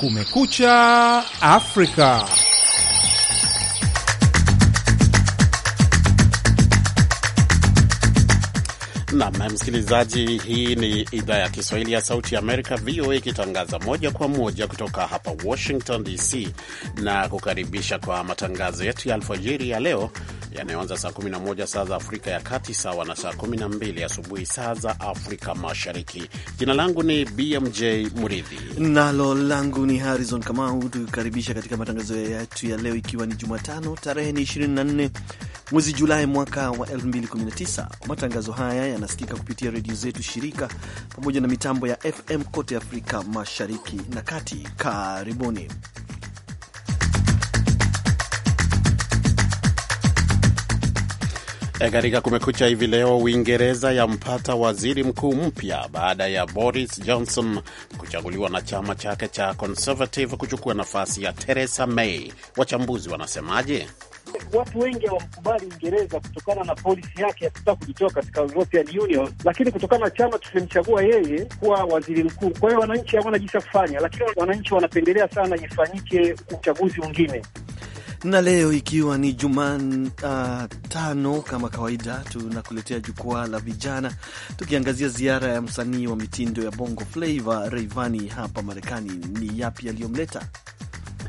Kumekucha Afrika. Nam msikilizaji, hii ni idhaa ya Kiswahili ya Sauti ya Amerika, VOA, ikitangaza moja kwa moja kutoka hapa Washington DC na kukaribisha kwa matangazo yetu ya alfajiri ya leo yanayoanza saa 11 saa za Afrika ya Kati, sawa na saa 12 asubuhi saa za Afrika Mashariki. Jina langu ni BMJ Muridhi nalo langu ni Harrison Kamau, tukikaribisha katika matangazo yetu ya leo, ikiwa ni Jumatano tarehe ni 24 mwezi Julai mwaka wa 2019. Matangazo haya yanasikika kupitia redio zetu shirika pamoja na mitambo ya FM kote Afrika Mashariki na Kati. Karibuni. E, katika Kumekucha hivi leo, Uingereza yampata waziri mkuu mpya baada ya Boris Johnson kuchaguliwa na chama chake cha Conservative kuchukua nafasi ya Theresa May. Wachambuzi wanasemaje? Watu wengi hawamkubali Uingereza kutokana na polisi yake ya kutaka kujitoa katika European Union, lakini kutokana na chama tumemchagua yeye kuwa waziri mkuu. Kwa hiyo wananchi hawana jinsi ya kufanya, lakini wananchi wanapendelea sana ifanyike uchaguzi mwingine na leo ikiwa ni Jumatano uh, kama kawaida, tunakuletea jukwaa la vijana tukiangazia ziara ya msanii wa mitindo ya Bongo Flava Rayvanny hapa Marekani. Ni yapi yaliyomleta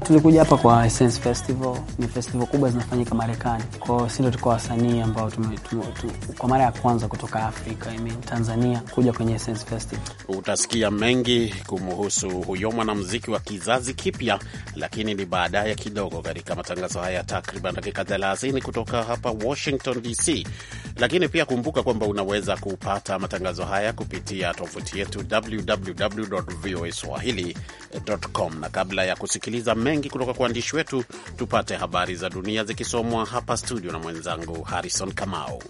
Tulikuja hapa kwa Essence Festival, ni festival kubwa zinafanyika Marekani. Kwa hiyo sisi ndio tulikuwa wasanii ambao tume, tume, tume, kwa mara ya kwanza kutoka Afrika, I mean, Tanzania kuja kwenye Essence Festival. Utasikia mengi kumhusu huyo mwanamuziki wa kizazi kipya, lakini ni baadaye kidogo katika matangazo haya takriban dakika 30 kutoka hapa Washington DC. Lakini pia kumbuka kwamba unaweza kupata matangazo haya kupitia tovuti yetu www.voaswahili.com, na kabla ya kusikiliza mengi kutoka kwa waandishi wetu. Tupate habari za dunia zikisomwa hapa studio na mwenzangu Harrison Kamau.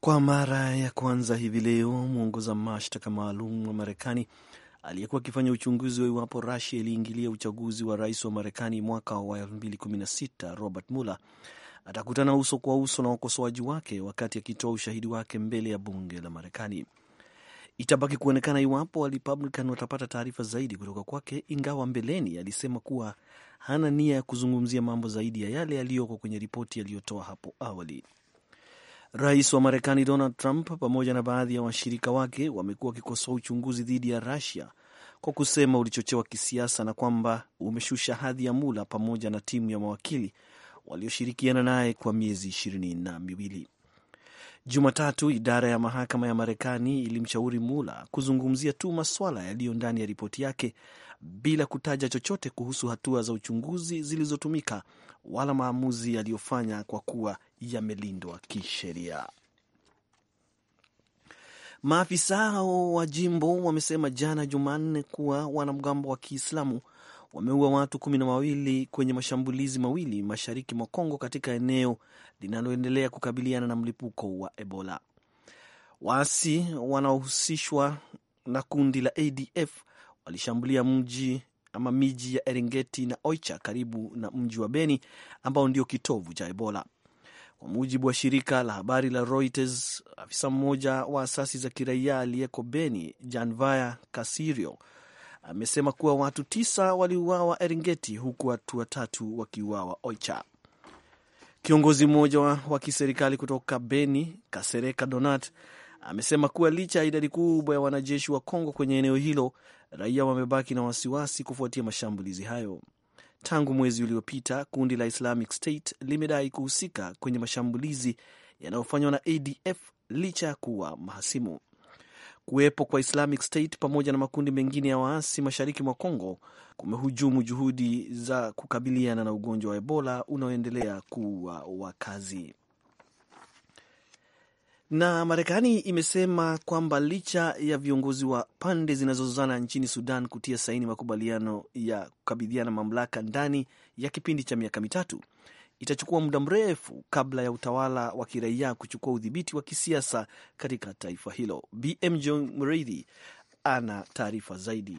Kwa mara ya kwanza hivi leo mwongoza mashtaka maalum wa Marekani aliyekuwa akifanya uchunguzi wa iwapo Rusia iliingilia uchaguzi wa rais wa Marekani mwaka wa 2016 Robert Mueller atakutana uso kwa uso na wakosoaji wake wakati akitoa ushahidi wake mbele ya bunge la Marekani. Itabaki kuonekana iwapo Warepublican watapata taarifa zaidi kutoka kwake, ingawa mbeleni alisema kuwa hana nia ya kuzungumzia mambo zaidi ya yale yaliyoko kwenye ripoti aliyotoa hapo awali. Rais wa Marekani Donald Trump pamoja na baadhi ya washirika wake wamekuwa wakikosoa uchunguzi dhidi ya Russia kwa kusema ulichochewa kisiasa na kwamba umeshusha hadhi ya Mula pamoja na timu ya mawakili walioshirikiana naye kwa miezi ishirini na miwili. Jumatatu, idara ya mahakama ya Marekani ilimshauri Mula kuzungumzia tu maswala yaliyo ndani ya ripoti yake bila kutaja chochote kuhusu hatua za uchunguzi zilizotumika wala maamuzi yaliyofanya kwa kuwa yamelindwa kisheria. Maafisa wa jimbo wamesema jana Jumanne kuwa wanamgambo wa Kiislamu wameua watu kumi na wawili kwenye mashambulizi mawili mashariki mwa Kongo katika eneo linaloendelea kukabiliana na mlipuko wa Ebola. Waasi wanaohusishwa na kundi la ADF walishambulia mji ama miji ya Eringeti na Oicha karibu na mji wa Beni ambao ndio kitovu cha Ebola. Kwa mujibu wa shirika la habari la Reuters, afisa mmoja wa asasi za kiraia aliyeko Beni, Janvaya Kasirio, amesema kuwa watu tisa waliuawa Eringeti huku watu watatu wakiuawa Oicha. Kiongozi mmoja wa kiserikali kutoka Beni, Kasereka Donat, amesema kuwa licha ya idadi kubwa ya wanajeshi wa Kongo kwenye eneo hilo, raia wamebaki na wasiwasi kufuatia mashambulizi hayo. Tangu mwezi uliopita, kundi la Islamic State limedai kuhusika kwenye mashambulizi yanayofanywa na ADF licha ya kuwa mahasimu. Kuwepo kwa Islamic State pamoja na makundi mengine ya waasi mashariki mwa congo kumehujumu juhudi za kukabiliana na ugonjwa wa Ebola unaoendelea kuua wakazi. Na Marekani imesema kwamba licha ya viongozi wa pande zinazozozana nchini Sudan kutia saini makubaliano ya kukabidhiana mamlaka ndani ya kipindi cha miaka mitatu, itachukua muda mrefu kabla ya utawala wa kiraia kuchukua udhibiti wa kisiasa katika taifa hilo. BMJ Mridhi ana taarifa zaidi.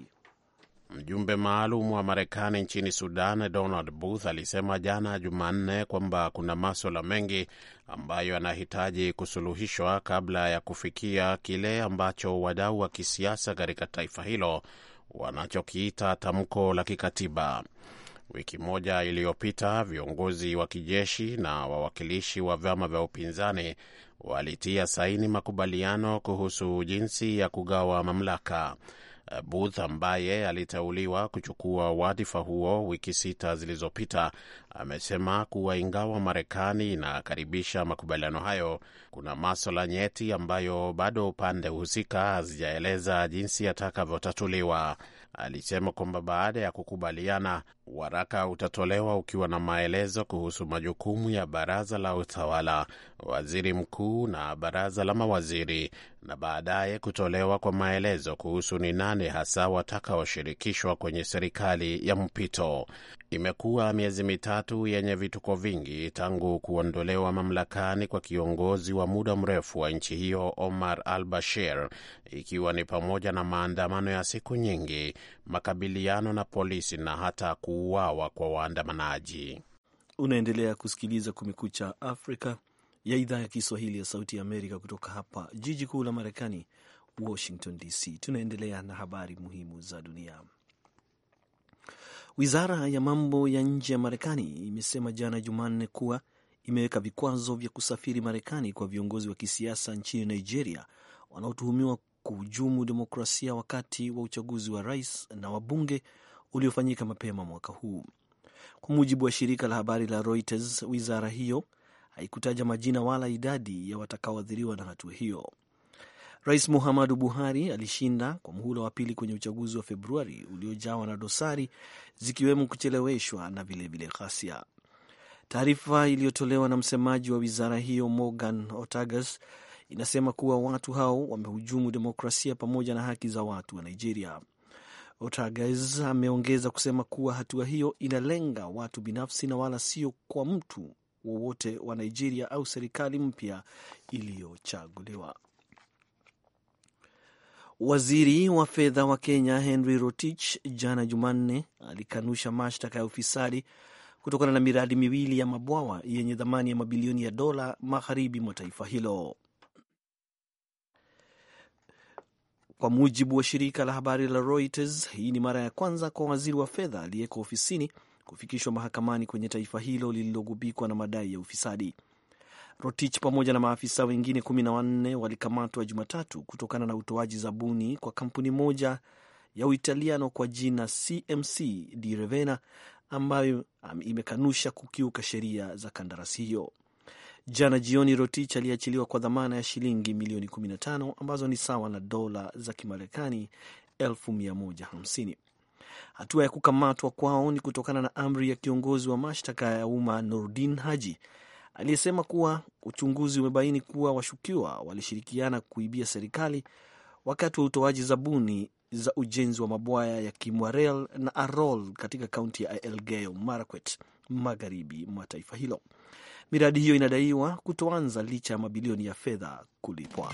Mjumbe maalum wa Marekani nchini Sudan Donald Booth alisema jana Jumanne kwamba kuna maswala mengi ambayo yanahitaji kusuluhishwa kabla ya kufikia kile ambacho wadau wa kisiasa katika taifa hilo wanachokiita tamko la kikatiba. Wiki moja iliyopita viongozi wa kijeshi na wawakilishi wa vyama vya upinzani walitia saini makubaliano kuhusu jinsi ya kugawa mamlaka. Booth ambaye aliteuliwa kuchukua wadhifa huo wiki sita zilizopita amesema kuwa ingawa Marekani inakaribisha makubaliano hayo, kuna maswala nyeti ambayo bado upande husika hazijaeleza jinsi yatakavyotatuliwa. Alisema kwamba baada ya kukubaliana, Waraka utatolewa ukiwa na maelezo kuhusu majukumu ya baraza la utawala, waziri mkuu na baraza la mawaziri, na baadaye kutolewa kwa maelezo kuhusu ni nani hasa watakaoshirikishwa kwenye serikali ya mpito. Imekuwa miezi mitatu yenye vituko vingi tangu kuondolewa mamlakani kwa kiongozi wa muda mrefu wa nchi hiyo Omar al Bashir, ikiwa ni pamoja na maandamano ya siku nyingi, makabiliano na polisi na hata kuuawa kwa waandamanaji. Unaendelea kusikiliza Kumekucha Afrika ya idhaa ya Kiswahili ya Sauti ya Amerika kutoka hapa jiji kuu la Marekani, Washington DC. Tunaendelea na habari muhimu za dunia. Wizara ya mambo ya nje ya Marekani imesema jana Jumanne kuwa imeweka vikwazo vya kusafiri Marekani kwa viongozi wa kisiasa nchini Nigeria wanaotuhumiwa kuhujumu demokrasia wakati wa uchaguzi wa rais na wabunge uliofanyika mapema mwaka huu. Kwa mujibu wa shirika la habari la Reuters, wizara hiyo haikutaja majina wala idadi ya watakaoathiriwa na hatua hiyo. Rais Muhammadu Buhari alishinda kwa muhula wa pili kwenye uchaguzi wa Februari uliojawa na dosari zikiwemo kucheleweshwa na vilevile ghasia. Taarifa iliyotolewa na msemaji wa wizara hiyo Morgan Otagas inasema kuwa watu hao wamehujumu demokrasia pamoja na haki za watu wa Nigeria. Otages ameongeza kusema kuwa hatua hiyo inalenga watu binafsi na wala sio kwa mtu wowote wa Nigeria au serikali mpya iliyochaguliwa. Waziri wa fedha wa Kenya Henry Rotich jana Jumanne alikanusha mashtaka ya ufisadi kutokana na miradi miwili ya mabwawa yenye thamani ya mabilioni ya dola magharibi mwa taifa hilo. Kwa mujibu wa shirika la habari la Reuters, hii ni mara ya kwanza kwa waziri wa fedha aliyeko ofisini kufikishwa mahakamani kwenye taifa hilo lililogubikwa na madai ya ufisadi. Rotich pamoja na maafisa wengine kumi na wanne walikamatwa Jumatatu kutokana na utoaji zabuni kwa kampuni moja ya Uitaliano kwa jina CMC di Ravenna ambayo imekanusha kukiuka sheria za kandarasi hiyo. Jana jioni, Rotich aliachiliwa kwa dhamana ya shilingi milioni 15 ambazo ni sawa na dola za Kimarekani 150. Hatua ya kukamatwa kwao ni kutokana na amri ya kiongozi wa mashtaka ya umma Nordin Haji aliyesema kuwa uchunguzi umebaini kuwa washukiwa walishirikiana kuibia serikali wakati wa utoaji zabuni za ujenzi wa mabwaya ya Kimwarel na Arol katika kaunti ya Elgeyo Marakwet, magharibi mwa taifa hilo. Miradi hiyo inadaiwa kutoanza licha ya mabilioni ya fedha kulipwa.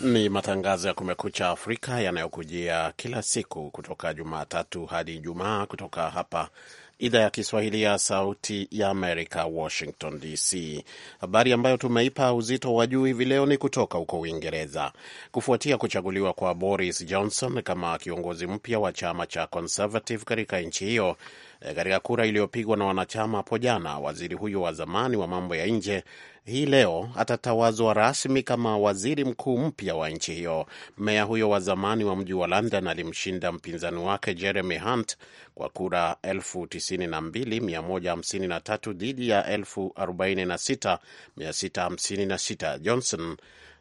Ni matangazo ya Kumekucha Afrika yanayokujia kila siku kutoka Jumatatu hadi Ijumaa kutoka hapa idhaa ya Kiswahili ya Sauti ya Amerika, Washington DC. Habari ambayo tumeipa uzito wa juu hivi leo ni kutoka huko Uingereza. Kufuatia kuchaguliwa kwa Boris Johnson kama kiongozi mpya wa chama cha Conservative katika nchi hiyo, E, katika kura iliyopigwa na wanachama hapo jana, waziri huyo wa zamani wa mambo ya nje hii leo atatawazwa rasmi kama waziri mkuu mpya wa nchi hiyo. Meya huyo wa zamani wa mji wa London alimshinda mpinzani wake Jeremy Hunt kwa kura 92153 dhidi ya 46656. Johnson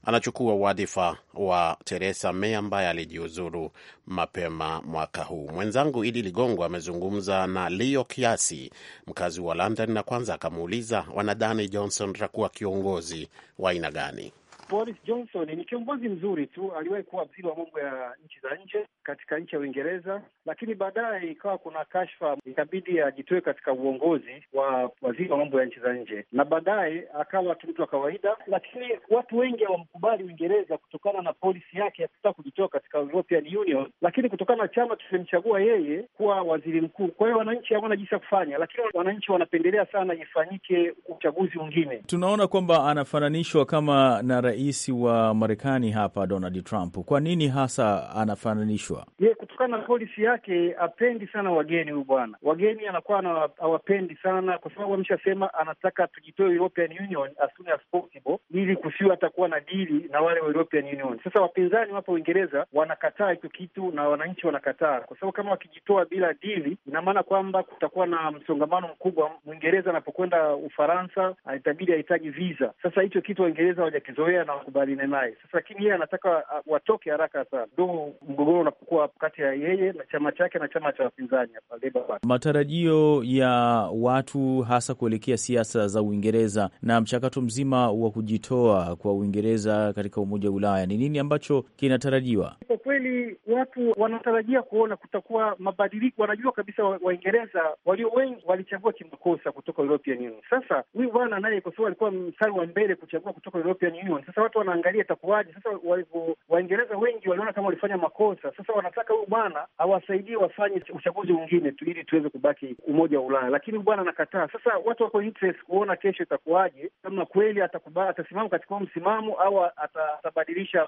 anachukua wadhifa wa Theresa May ambaye alijiuzuru mapema mwaka huu. Mwenzangu Idi Ligongo amezungumza na Leo Kiasi, mkazi wa London, na kwanza akamuuliza wanadhani Johnson atakuwa kiongozi wa aina gani. Boris Johnson ni kiongozi mzuri tu, aliwahi kuwa waziri wa mambo ya nchi za nje katika nchi ya Uingereza, lakini baadaye ikawa kuna kashfa, ikabidi ajitoe katika uongozi wa waziri wa mambo ya nchi za nje, na baadaye akawa tu mtu wa kawaida, lakini watu wengi hawamkubali Uingereza kutokana na polisi yake ya kutaka kujitoa katika European Union, lakini kutokana na chama tumemchagua yeye kuwa waziri mkuu. Kwa hiyo wananchi hawana jinsi ya kufanya, lakini wananchi wanapendelea sana ifanyike uchaguzi mwingine. Tunaona kwamba anafananishwa kama na rais rais wa Marekani hapa Donald Trump, kwa nini hasa anafananishwa? kutokana na polisi yake apendi sana wageni huyu bwana. Wageni anakuwa hawapendi sana, kwa sababu ameshasema anataka tujitoe European Union as soon as possible, ili kusiwa atakuwa na dili na wale wa European Union. Sasa wapinzani wapo Uingereza wanakataa hicho kitu na wananchi wanakataa, kwa sababu kama wakijitoa bila dili, ina maana kwamba kutakuwa na msongamano mkubwa. Mwingereza anapokwenda Ufaransa itabidi ahitaji visa. Sasa hicho kitu Waingereza hawajakizoea na wakubaliane naye sasa, lakini yeye anataka uh, watoke haraka sana, ndo mgogoro unapokuwa kati ya yeye na chama chake na chama cha wapinzani hapa Labour Matarajio ya watu hasa kuelekea siasa za Uingereza na mchakato mzima wa kujitoa kwa Uingereza katika Umoja wa Ulaya ni nini ambacho kinatarajiwa? Kwa kweli watu wanatarajia kuona kutakuwa mabadiliko. Wanajua kabisa Waingereza walio wengi walichagua kimakosa kutoka European Union. Sasa huyu bwana sababu alikuwa mstari wa mbele kuchagua kutoka European Union. Sasa watu wanaangalia itakuwaje? Sasa Waingereza wengi waliona kama walifanya makosa, sasa wanataka huyu bwana awasaidie wafanye uchaguzi mwingine tu ili tuweze kubaki umoja wa Ulaya, lakini bwana anakataa. Sasa watu wako interest kuona kesho itakuwaje, kama kweli atakubali, atasimama katika msimamo au atabadilisha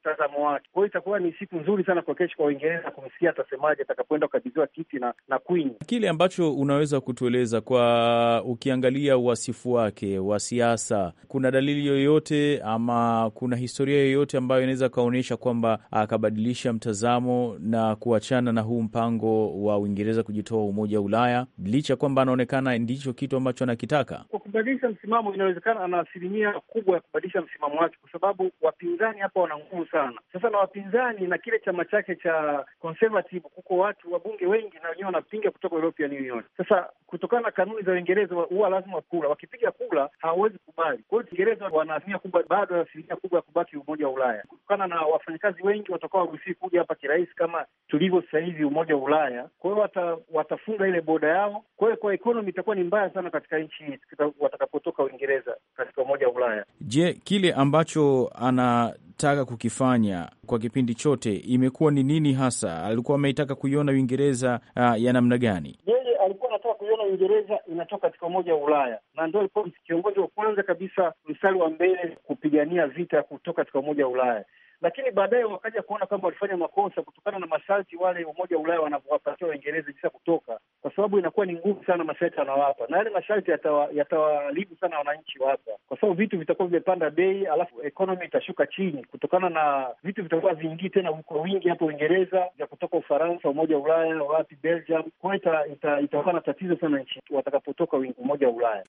mtazamo wake. Kwa hiyo itakuwa ni siku nzuri sana kwa kesho kwa Uingereza kumsikia atasemaje atakapoenda kukabidhiwa kiti na, na Queen. Kile ambacho unaweza kutueleza kwa ukiangalia wasifu wake wa siasa, kuna dalili yoyote ama kuna historia yoyote ambayo inaweza kaonyesha kwamba akabadilisha mtazamo na na kuachana na huu mpango wa Uingereza kujitoa Umoja wa Ulaya, licha kwamba anaonekana ndicho kitu ambacho anakitaka? Kwa kubadilisha msimamo, inawezekana ana asilimia kubwa ya kubadilisha msimamo wake, kwa sababu wapinzani hapa wana nguvu sana sasa, na wapinzani na kile chama chake cha Conservative, kuko watu wabunge wengi na wenyewe wanapinga kutoka European Union. Sasa kutokana na kanuni za Uingereza huwa lazima kura, wakipiga kula hawawezi kubali. Kwa hiyo Uingereza wana asilimia kubwa, bado asilimia kubwa ya kubaki Umoja wa Ulaya, kutokana na wafanyakazi wengi watakuwa waruhusi kuja hapa kirahisi kama tulivyo sasa hivi Umoja wa Ulaya. Kwa hiyo wata, watafunga ile boda yao, kwa hiyo kwa ekonomi itakuwa ni mbaya sana katika nchi watakapotoka Uingereza katika Umoja wa Ulaya. Je, kile ambacho anataka kukifanya kwa kipindi chote imekuwa ni nini hasa? Alikuwa ameitaka kuiona Uingereza uh, ya namna gani? Yeye alikuwa anataka kuiona Uingereza inatoka katika Umoja wa Ulaya, na ndio alikuwa kiongozi wa kwanza kabisa, mstari wa mbele kupigania vita kutoka katika Umoja wa Ulaya lakini baadaye wakaja kuona kama walifanya makosa kutokana na masharti wale Umoja wa Ulaya wanavyowapatia Waingereza jinsi ya kutoka, kwa sababu inakuwa ni ngumu sana masharti wanawapa, na yale masharti yatawaribu sana wananchi wa hapa, kwa sababu vitu vitakuwa vimepanda bei, alafu economy itashuka chini kutokana na vitu vitakuwa viingii tena uko wingi hapo Uingereza vya kutoka Ufaransa, Umoja wa Ulaya, wapi Belgium. Kwa hiyo itakuwa na tatizo sana nchi watakapotoka Umoja wa Ulaya.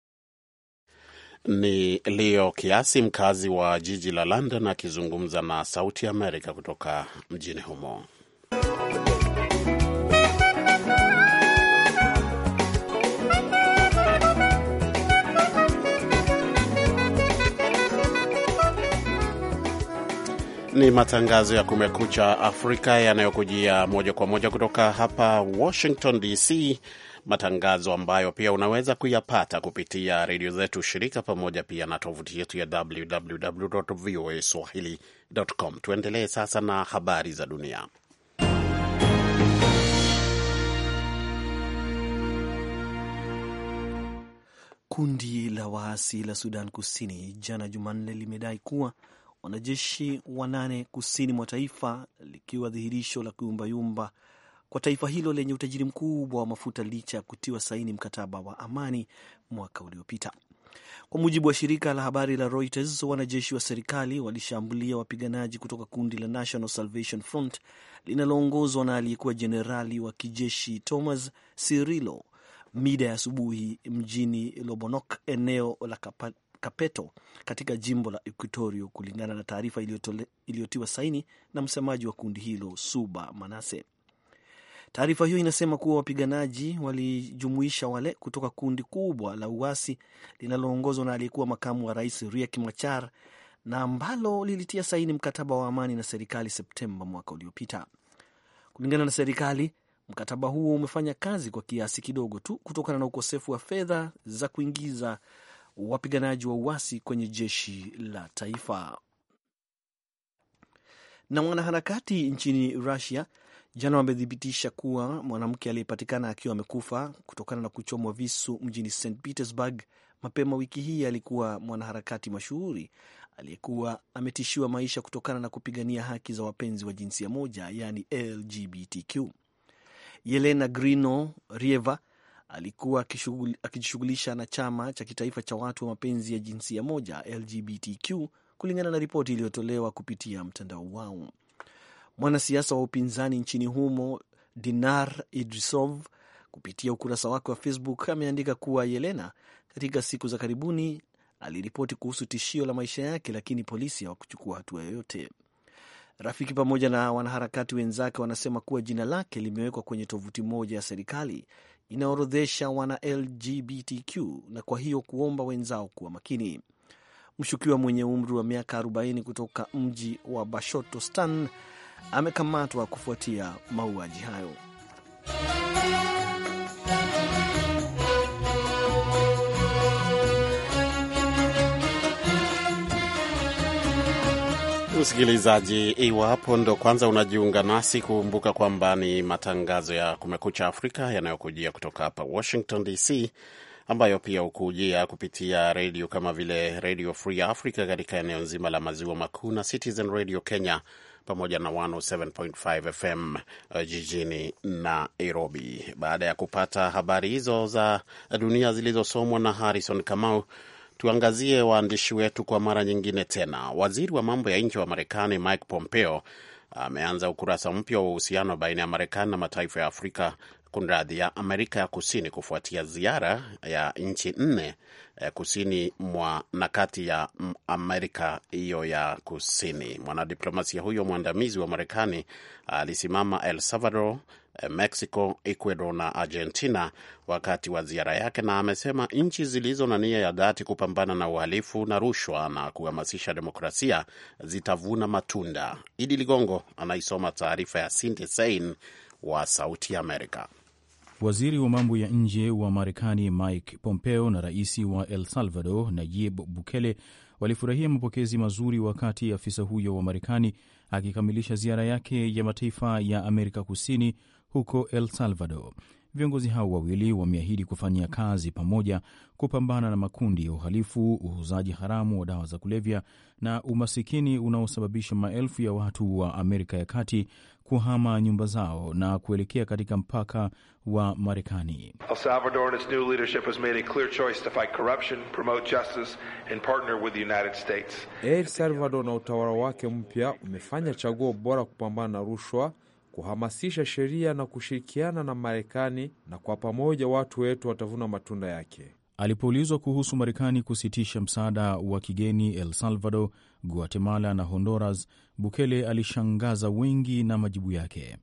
Ni Leo Kiasi, mkazi wa jiji la London, akizungumza na Sauti Amerika kutoka mjini humo. Ni matangazo ya Kumekucha Afrika yanayokujia moja kwa moja kutoka hapa Washington DC matangazo ambayo pia unaweza kuyapata kupitia redio zetu shirika pamoja pia na tovuti yetu ya swahili.com. Tuendelee sasa na habari za dunia. Kundi la waasi la Sudan Kusini jana Jumanne limedai kuwa wanajeshi wanane kusini mwa taifa likiwa dhihirisho la kuyumbayumba kwa taifa hilo lenye utajiri mkubwa wa mafuta licha ya kutiwa saini mkataba wa amani mwaka uliopita. Kwa mujibu wa shirika la habari la Reuters, wanajeshi wa serikali walishambulia wapiganaji kutoka kundi la National Salvation Front linaloongozwa na aliyekuwa jenerali wa kijeshi Thomas sirilo mida ya asubuhi mjini Lobonok, eneo la Kapeto katika jimbo la Equatorio, kulingana na taarifa iliyotiwa saini na msemaji wa kundi hilo Suba Manase. Taarifa hiyo inasema kuwa wapiganaji walijumuisha wale kutoka kundi kubwa la uasi linaloongozwa na aliyekuwa makamu wa rais Riek Machar na ambalo lilitia saini mkataba wa amani na serikali Septemba mwaka uliopita. Kulingana na serikali, mkataba huo umefanya kazi kwa kiasi kidogo tu kutokana na ukosefu wa fedha za kuingiza wapiganaji wa uasi kwenye jeshi la taifa. Na mwanaharakati nchini Russia jana wamethibitisha kuwa mwanamke aliyepatikana akiwa amekufa kutokana na kuchomwa visu mjini St Petersburg mapema wiki hii alikuwa mwanaharakati mashuhuri aliyekuwa ametishiwa maisha kutokana na kupigania haki za wapenzi wa jinsia moja, yaani LGBTQ. Yelena Grino Rieva alikuwa akijishughulisha na chama cha kitaifa cha watu wa mapenzi ya jinsia moja LGBTQ, kulingana na ripoti iliyotolewa kupitia mtandao wao mwanasiasa wa upinzani nchini humo Dinar Idrisov kupitia ukurasa wake wa Facebook ameandika kuwa Yelena katika siku za karibuni aliripoti kuhusu tishio la maisha yake, lakini polisi hawakuchukua hatua yoyote. Rafiki pamoja na wanaharakati wenzake wanasema kuwa jina lake limewekwa kwenye tovuti moja ya serikali inaorodhesha wana LGBTQ na kwa hiyo kuomba wenzao kuwa makini. Mshukiwa mwenye umri wa miaka 40 kutoka mji wa Bashotostan amekamatwa kufuatia mauaji hayo. Msikilizaji, iwapo ndo kwanza unajiunga nasi, kumbuka kwamba ni matangazo ya Kumekucha Afrika yanayokujia kutoka hapa Washington DC, ambayo pia hukujia kupitia redio kama vile redio Free Africa katika eneo nzima la maziwa makuu na Citizen Radio Kenya pamoja na 107.5 FM uh, jijini Nairobi. Baada ya kupata habari hizo za dunia zilizosomwa na Harrison Kamau, tuangazie waandishi wetu kwa mara nyingine tena. Waziri wa mambo ya nje wa Marekani Mike Pompeo ameanza ukurasa mpya wa uhusiano baina ya Marekani na mataifa ya Afrika kunradhi, ya Amerika ya Kusini kufuatia ziara ya nchi nne eh, kusini mwa na kati ya mm, Amerika hiyo ya Kusini. Mwanadiplomasia huyo mwandamizi wa Marekani alisimama El Salvador, eh, Mexico, Ecuador na Argentina wakati wa ziara yake, na amesema nchi zilizo na nia ya dhati kupambana na uhalifu na rushwa na kuhamasisha demokrasia zitavuna matunda. Idi Ligongo anaisoma taarifa ya Sinte Sein wa Sauti Amerika. Waziri wa mambo ya nje wa Marekani Mike Pompeo na rais wa El Salvador Nayib Bukele walifurahia mapokezi mazuri wakati afisa huyo wa Marekani akikamilisha ziara yake ya mataifa ya Amerika Kusini huko El Salvador. Viongozi hao wawili wameahidi kufanya kazi pamoja kupambana na makundi ya uhalifu, uuzaji haramu wa dawa za kulevya na umasikini unaosababisha maelfu ya watu wa Amerika ya Kati kuhama nyumba zao na kuelekea katika mpaka wa Marekani. El Salvador na utawala wake mpya umefanya chaguo bora kupambana na rushwa kuhamasisha sheria na kushirikiana na Marekani, na kwa pamoja watu wetu watavuna matunda yake. Alipoulizwa kuhusu Marekani kusitisha msaada wa kigeni El Salvador, Guatemala na Honduras, Bukele alishangaza wengi na majibu yake.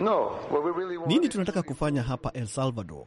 No, really nini tunataka kufanya hapa El Salvador?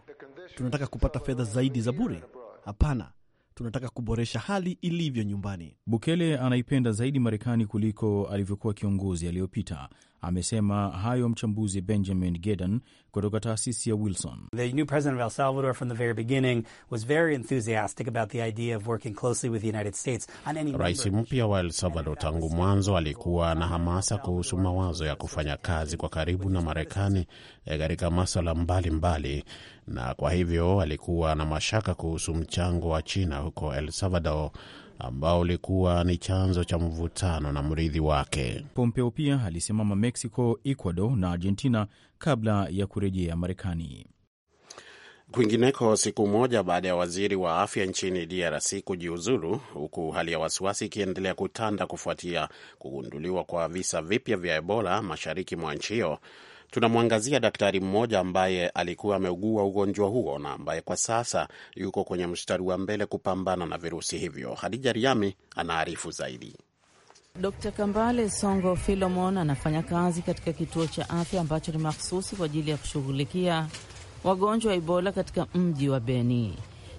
Tunataka kupata fedha zaidi za bure? Hapana, tunataka kuboresha hali ilivyo nyumbani. Bukele anaipenda zaidi Marekani kuliko alivyokuwa kiongozi aliyopita, Amesema hayo mchambuzi Benjamin Gedan kutoka taasisi ya Wilson. The new president of El Salvador from the very beginning was very enthusiastic about the idea of working closely with the United States on any. Rais mpya wa El Salvador tangu mwanzo alikuwa na hamasa kuhusu mawazo ya kufanya kazi kwa karibu na Marekani eh, katika maswala mbalimbali, na kwa hivyo alikuwa na mashaka kuhusu mchango wa China huko El Salvador ambao ulikuwa ni chanzo cha mvutano na mrithi wake. Pompeo pia alisimama Mexico, Ecuador na Argentina kabla ya kurejea Marekani. Kwingineko, siku moja baada ya waziri wa afya nchini DRC kujiuzulu, huku hali ya wasiwasi ikiendelea kutanda kufuatia kugunduliwa kwa visa vipya vya Ebola mashariki mwa nchi hiyo, Tunamwangazia daktari mmoja ambaye alikuwa ameugua ugonjwa huo na ambaye kwa sasa yuko kwenye mstari wa mbele kupambana na virusi hivyo. Hadija Riami anaarifu zaidi. Dkt Kambale Songo Filomon anafanya kazi katika kituo cha afya ambacho ni mahususi kwa ajili ya kushughulikia wagonjwa wa Ebola katika mji wa Beni.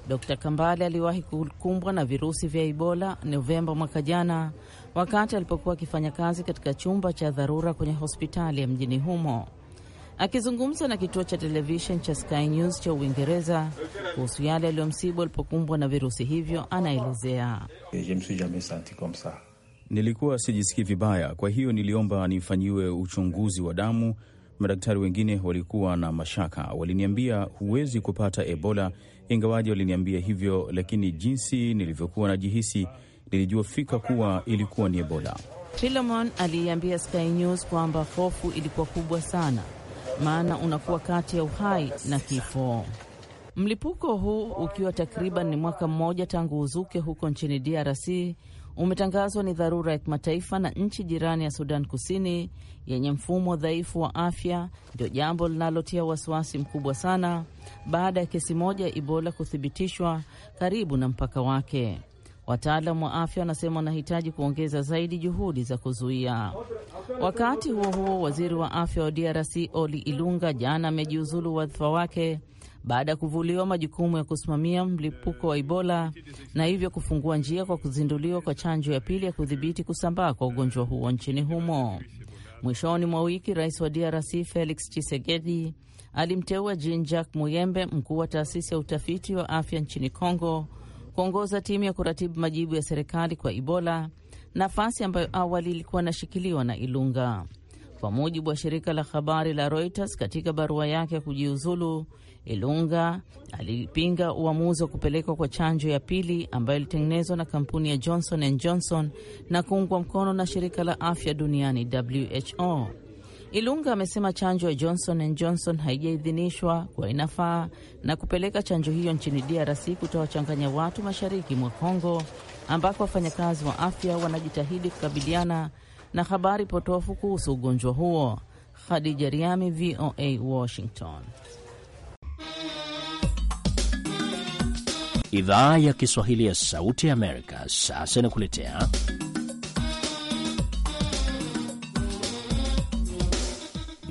Dkt Kambale aliwahi kukumbwa na virusi vya Ebola Novemba mwaka jana, wakati alipokuwa akifanya kazi katika chumba cha dharura kwenye hospitali ya mjini humo. Akizungumza na kituo cha televishen cha Sky News cha Uingereza kuhusu yale yaliyomsibu alipokumbwa na virusi hivyo, anaelezea nilikuwa sijisikii vibaya, kwa hiyo niliomba nifanyiwe uchunguzi wa damu. Madaktari wengine walikuwa na mashaka, waliniambia huwezi kupata Ebola, ingawaji waliniambia hivyo, lakini jinsi nilivyokuwa najihisi, nilijua fika kuwa ilikuwa ni Ebola. Filemon aliiambia Sky News kwamba hofu ilikuwa kubwa sana maana unakuwa kati ya uhai na kifo. Mlipuko huu ukiwa takriban ni mwaka mmoja tangu uzuke huko nchini DRC umetangazwa ni dharura ya kimataifa na nchi jirani ya Sudan Kusini yenye mfumo dhaifu wa afya, ndio jambo linalotia wasiwasi mkubwa sana baada ya kesi moja ya Ebola kuthibitishwa karibu na mpaka wake. Wataalam wa afya wanasema wanahitaji kuongeza zaidi juhudi za kuzuia. Wakati huo huo, waziri wa afya wa DRC Oli Ilunga jana amejiuzulu wadhifa wake baada ya kuvuliwa majukumu ya kusimamia mlipuko wa Ebola na hivyo kufungua njia kwa kuzinduliwa kwa chanjo ya pili ya kudhibiti kusambaa kwa ugonjwa huo nchini humo. Mwishoni mwa wiki, rais wa DRC Felix Tshisekedi alimteua Jean Jacques Muyembe, mkuu wa taasisi ya utafiti wa afya nchini Kongo kuongoza timu ya kuratibu majibu ya serikali kwa Ebola, nafasi ambayo awali ilikuwa inashikiliwa na Ilunga. Kwa mujibu wa shirika la habari la Reuters, katika barua yake ya kujiuzulu, Ilunga alipinga uamuzi wa kupelekwa kwa chanjo ya pili ambayo ilitengenezwa na kampuni ya Johnson and Johnson na kuungwa mkono na shirika la afya duniani WHO. Ilunga amesema chanjo ya Johnson and Johnson haijaidhinishwa kuwa inafaa na kupeleka chanjo hiyo nchini DRC kutawachanganya watu mashariki mwa Kongo ambako wafanyakazi wa afya wanajitahidi kukabiliana na habari potofu kuhusu ugonjwa huo. Khadija Riami, VOA, Washington. Idhaa ya Kiswahili ya Sauti ya Amerika sasa inakuletea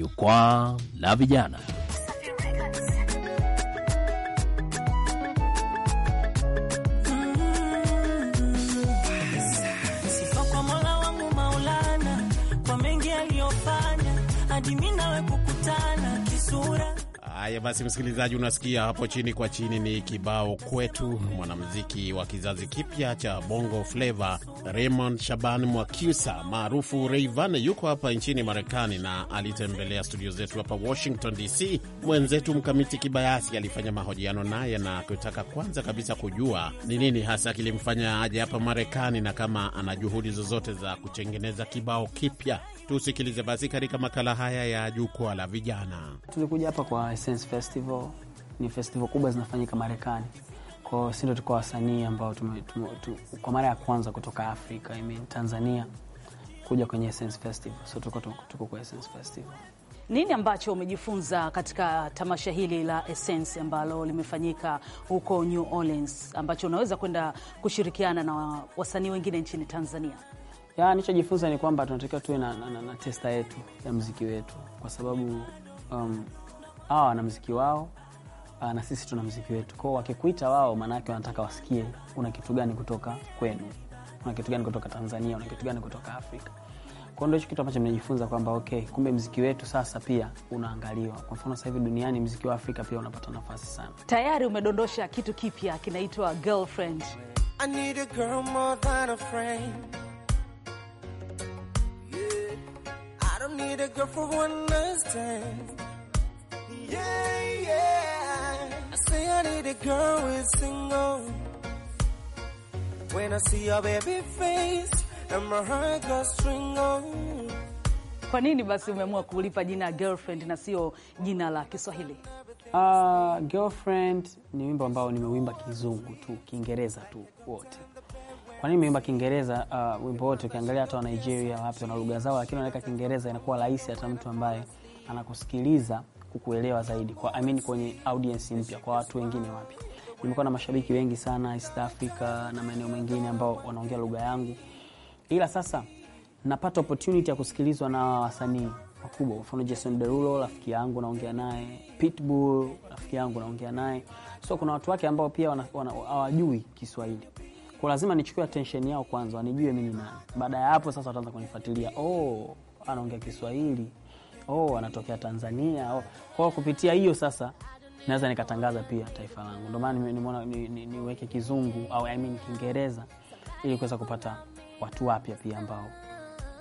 Jukwaa la Vijana. Haya basi, msikilizaji, unasikia hapo chini kwa chini ni kibao kwetu, mwanamuziki wa kizazi kipya cha bongo flava Raymond Shaban Mwakyusa maarufu Rayvanny, yuko hapa nchini Marekani na alitembelea studio zetu hapa Washington DC. Mwenzetu Mkamiti Kibayasi alifanya mahojiano naye na kutaka kwanza kabisa kujua ni nini hasa kilimfanya aje hapa Marekani na kama ana juhudi zozote za kutengeneza kibao kipya Tusikilize basi katika makala haya ya jukwaa la vijana. Tulikuja hapa kwa Essence Festival, ni festival kubwa zinafanyika Marekani kwao, si ndo tuko wasanii ambao kwa mara ya kwanza kutoka Afrika, I mean Tanzania, kuja kwenye Essence Festival. So tuko, tuko kwa Essence Festival. Nini ambacho umejifunza katika tamasha hili la Essence ambalo limefanyika huko New Orleans ambacho unaweza kwenda kushirikiana na wasanii wengine nchini Tanzania? Ya nichojifunza ni kwamba tunatakiwa tuwe na, na, na, na testa yetu ya mziki wetu kwa sababu um, hawa wana mziki wao ah, na sisi tuna mziki wetu. Kwao wakikuita wao, maanake wanataka wasikie una kitu gani kutoka kwenu, una kitu gani kutoka Tanzania, una kitu gani kutoka Afrika. Kwao ndo hicho kitu ambacho mnajifunza kwamba okay, kumbe mziki wetu sasa pia unaangaliwa. Kwa mfano sasa hivi duniani mziki wa Afrika pia unapata nafasi sana. Tayari umedondosha kitu kipya kinaitwa Girlfriend. I need a girl more than a friend girl for one last time. Yeah, yeah. I say I need a girl with single. When I see your baby face and my heart goes stringle. Kwa nini basi umeamua kulipa jina girlfriend na sio jina la Kiswahili? Uh, girlfriend ni wimbo ambao nimeuimba kizungu tu, Kiingereza tu wote kwa nini imeimba Kiingereza uh, wimbo wote? Ukiangalia hata wa Nigeria wapi wana lugha zao, lakini wanaweka Kiingereza, inakuwa rahisi hata mtu ambaye anakusikiliza kukuelewa zaidi, kwa I mean kwenye audience mpya, kwa watu wengine wapi. Nimekuwa na mashabiki wengi sana East Africa na maeneo mengine ambao wanaongea lugha yangu, ila sasa napata opportunity ya kusikilizwa na wasanii wakubwa, mfano Jason Derulo rafiki yangu naongea naye, Pitbull rafiki yangu naongea naye, so kuna watu wake ambao pia hawajui Kiswahili kwa lazima nichukue attention yao kwanza, wanijue mimi nani. Baada ya hapo sasa wataanza kunifuatilia. Oh, anaongea Kiswahili. Oh, anatokea Tanzania. Oh. Kwa kupitia hiyo sasa naweza nikatangaza pia taifa langu. Ndio maana nimeona niweke kizungu au I mean Kiingereza ili kuweza kupata watu wapya pia ambao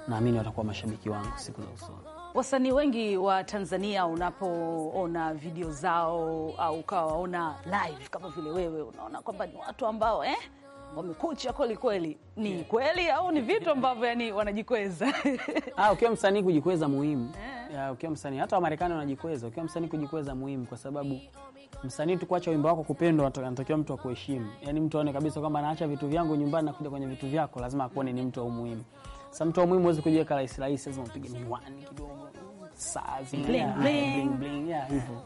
naamini watakuwa mashabiki wangu siku za usoni. Wasanii wengi wa Tanzania unapoona video zao au ukawaona live kama vile wewe, unaona kwamba ni watu ambao eh, wamekucha kweli kweli. Ni yeah. kweli au ni vitu ambavyo yani wanajikweza? Ah, ukiwa msanii kujikweza muhimu yeah. Yeah, Ukiwa msanii hata Wamarekani wanajikweza. Ukiwa msanii kujikweza muhimu, kwa sababu msanii tu kuacha wimbo wako kupendwa, anatakiwa mtu akuheshimu, yani mtu aone kabisa kwamba anaacha vitu vyangu nyumbani na kuja kwenye vitu vyako, lazima akuone ni mtu wa umuhimu. Sasa mtu wa umuhimu huwezi kujiweka rahisi rahisi, lazima upige miwani kidogo, saa zingine bling bling, yeah hivyo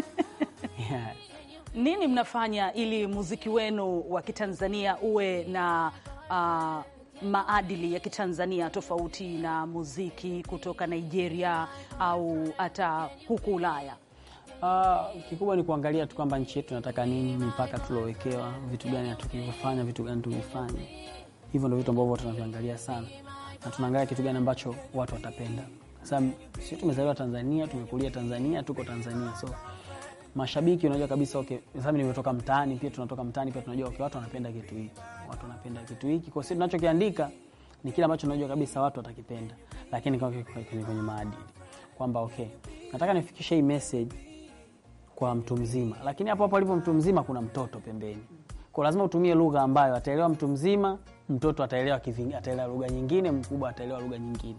yeah. Nini mnafanya ili muziki wenu wa Kitanzania uwe na uh, maadili ya Kitanzania tofauti na muziki kutoka Nigeria au hata huku Ulaya? Uh, kikubwa ni kuangalia tu kwamba nchi yetu nataka nini, mipaka tuliowekewa, vitu gani hatukivyofanya vitu gani tumefanya. Hivyo ndo vitu ambavyo tunavyoangalia sana, na tunaangalia kitu gani ambacho watu watapenda. Sasa sisi tumezaliwa Tanzania, tumekulia Tanzania, tuko Tanzania so mashabiki unajua kabisa okay, Sasa nimetoka mtaani pia tunatoka mtaani pia tunajua okay, watu wanapenda kitu hiki, watu wanapenda kitu hiki. Kwa hiyo tunachokiandika ni kile ambacho unajua kabisa watu watakipenda, lakini kwa kwenye kwenye maadili kwamba okay, nataka nifikishe hii message kwa mtu mzima, lakini hapo hapo alipo mtu mzima kuna mtoto pembeni, kwa lazima utumie lugha ambayo ataelewa mtu mzima, mtoto ataelewa, ataelewa lugha nyingine, mkubwa ataelewa lugha nyingine.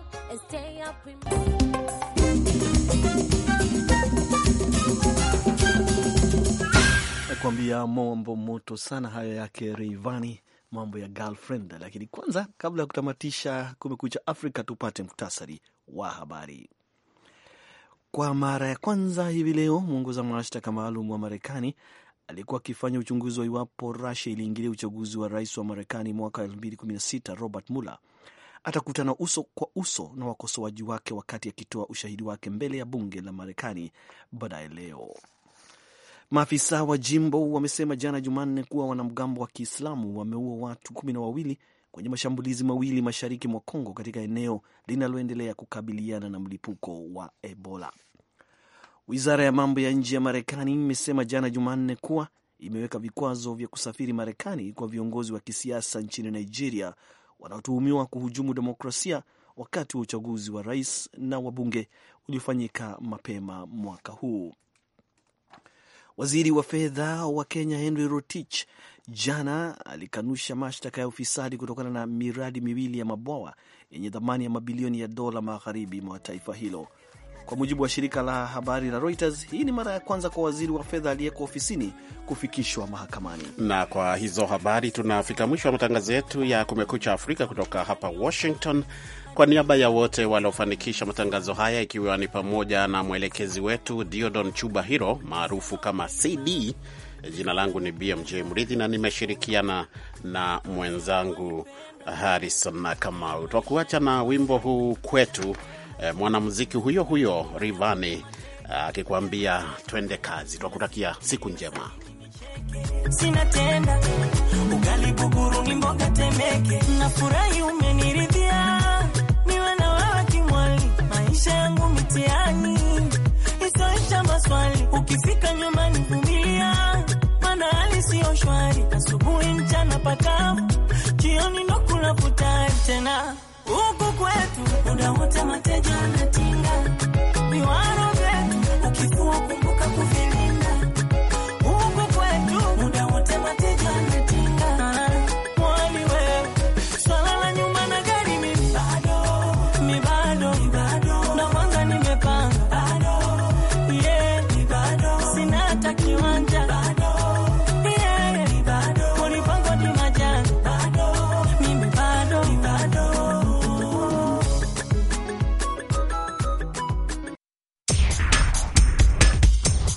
nakuambia mambo moto sana hayo yake Reivani, mambo ya girlfriend. Lakini kwanza, kabla ya kutamatisha Kumekucha Afrika, tupate mktasari wa habari. Kwa mara ya kwanza hivi leo mwongoza mashtaka maalum wa Marekani alikuwa akifanya uchunguzi wa iwapo Rusia iliingilia uchaguzi wa rais wa Marekani mwaka 2016 Robert Mueller atakutana uso kwa uso na wakosoaji wake wakati akitoa ushahidi wake mbele ya bunge la Marekani baadaye leo. Maafisa wa jimbo wamesema jana Jumanne kuwa wanamgambo wa Kiislamu wameua watu kumi na wawili kwenye mashambulizi mawili mashariki mwa Kongo katika eneo linaloendelea kukabiliana na mlipuko wa Ebola. Wizara ya mambo ya nje ya Marekani imesema jana Jumanne kuwa imeweka vikwazo vya kusafiri Marekani kwa viongozi wa kisiasa nchini Nigeria wanaotuhumiwa kuhujumu demokrasia wakati wa uchaguzi wa rais na wabunge uliofanyika mapema mwaka huu. Waziri wa fedha wa Kenya Henry Rotich jana alikanusha mashtaka ya ufisadi kutokana na miradi miwili ya mabwawa yenye thamani ya mabilioni ya dola magharibi mwa taifa hilo. Kwa mujibu wa shirika la habari la Reuters, hii ni mara ya kwanza kwa waziri wa fedha aliyeko ofisini kufikishwa mahakamani. Na kwa hizo habari, tunafika mwisho wa matangazo yetu ya Kumekucha Afrika kutoka hapa Washington. Kwa niaba ya wote waliofanikisha matangazo haya, ikiwa ni pamoja na mwelekezi wetu Diodon Chuba Hiro maarufu kama CD, jina langu ni BMJ Mridhi na nimeshirikiana na mwenzangu Harrison na Kamau. Twakuacha na wimbo huu kwetu Eh, mwanamuziki huyo huyo Rivani eh, akikwambia twende kazi. Twakutakia siku njema. Sinatenda ugali buguru ni mboga temeke, nafurahi umeniridhia, niwe na wewe kimwali, maisha yangu mitiani isoisha maswali, ukifika nyuma nivumilia mana hali siyo shwari, asubuhi mchana pakavu, jioni ndo futari tena huku kwetu unakuta mateja na tinga miwano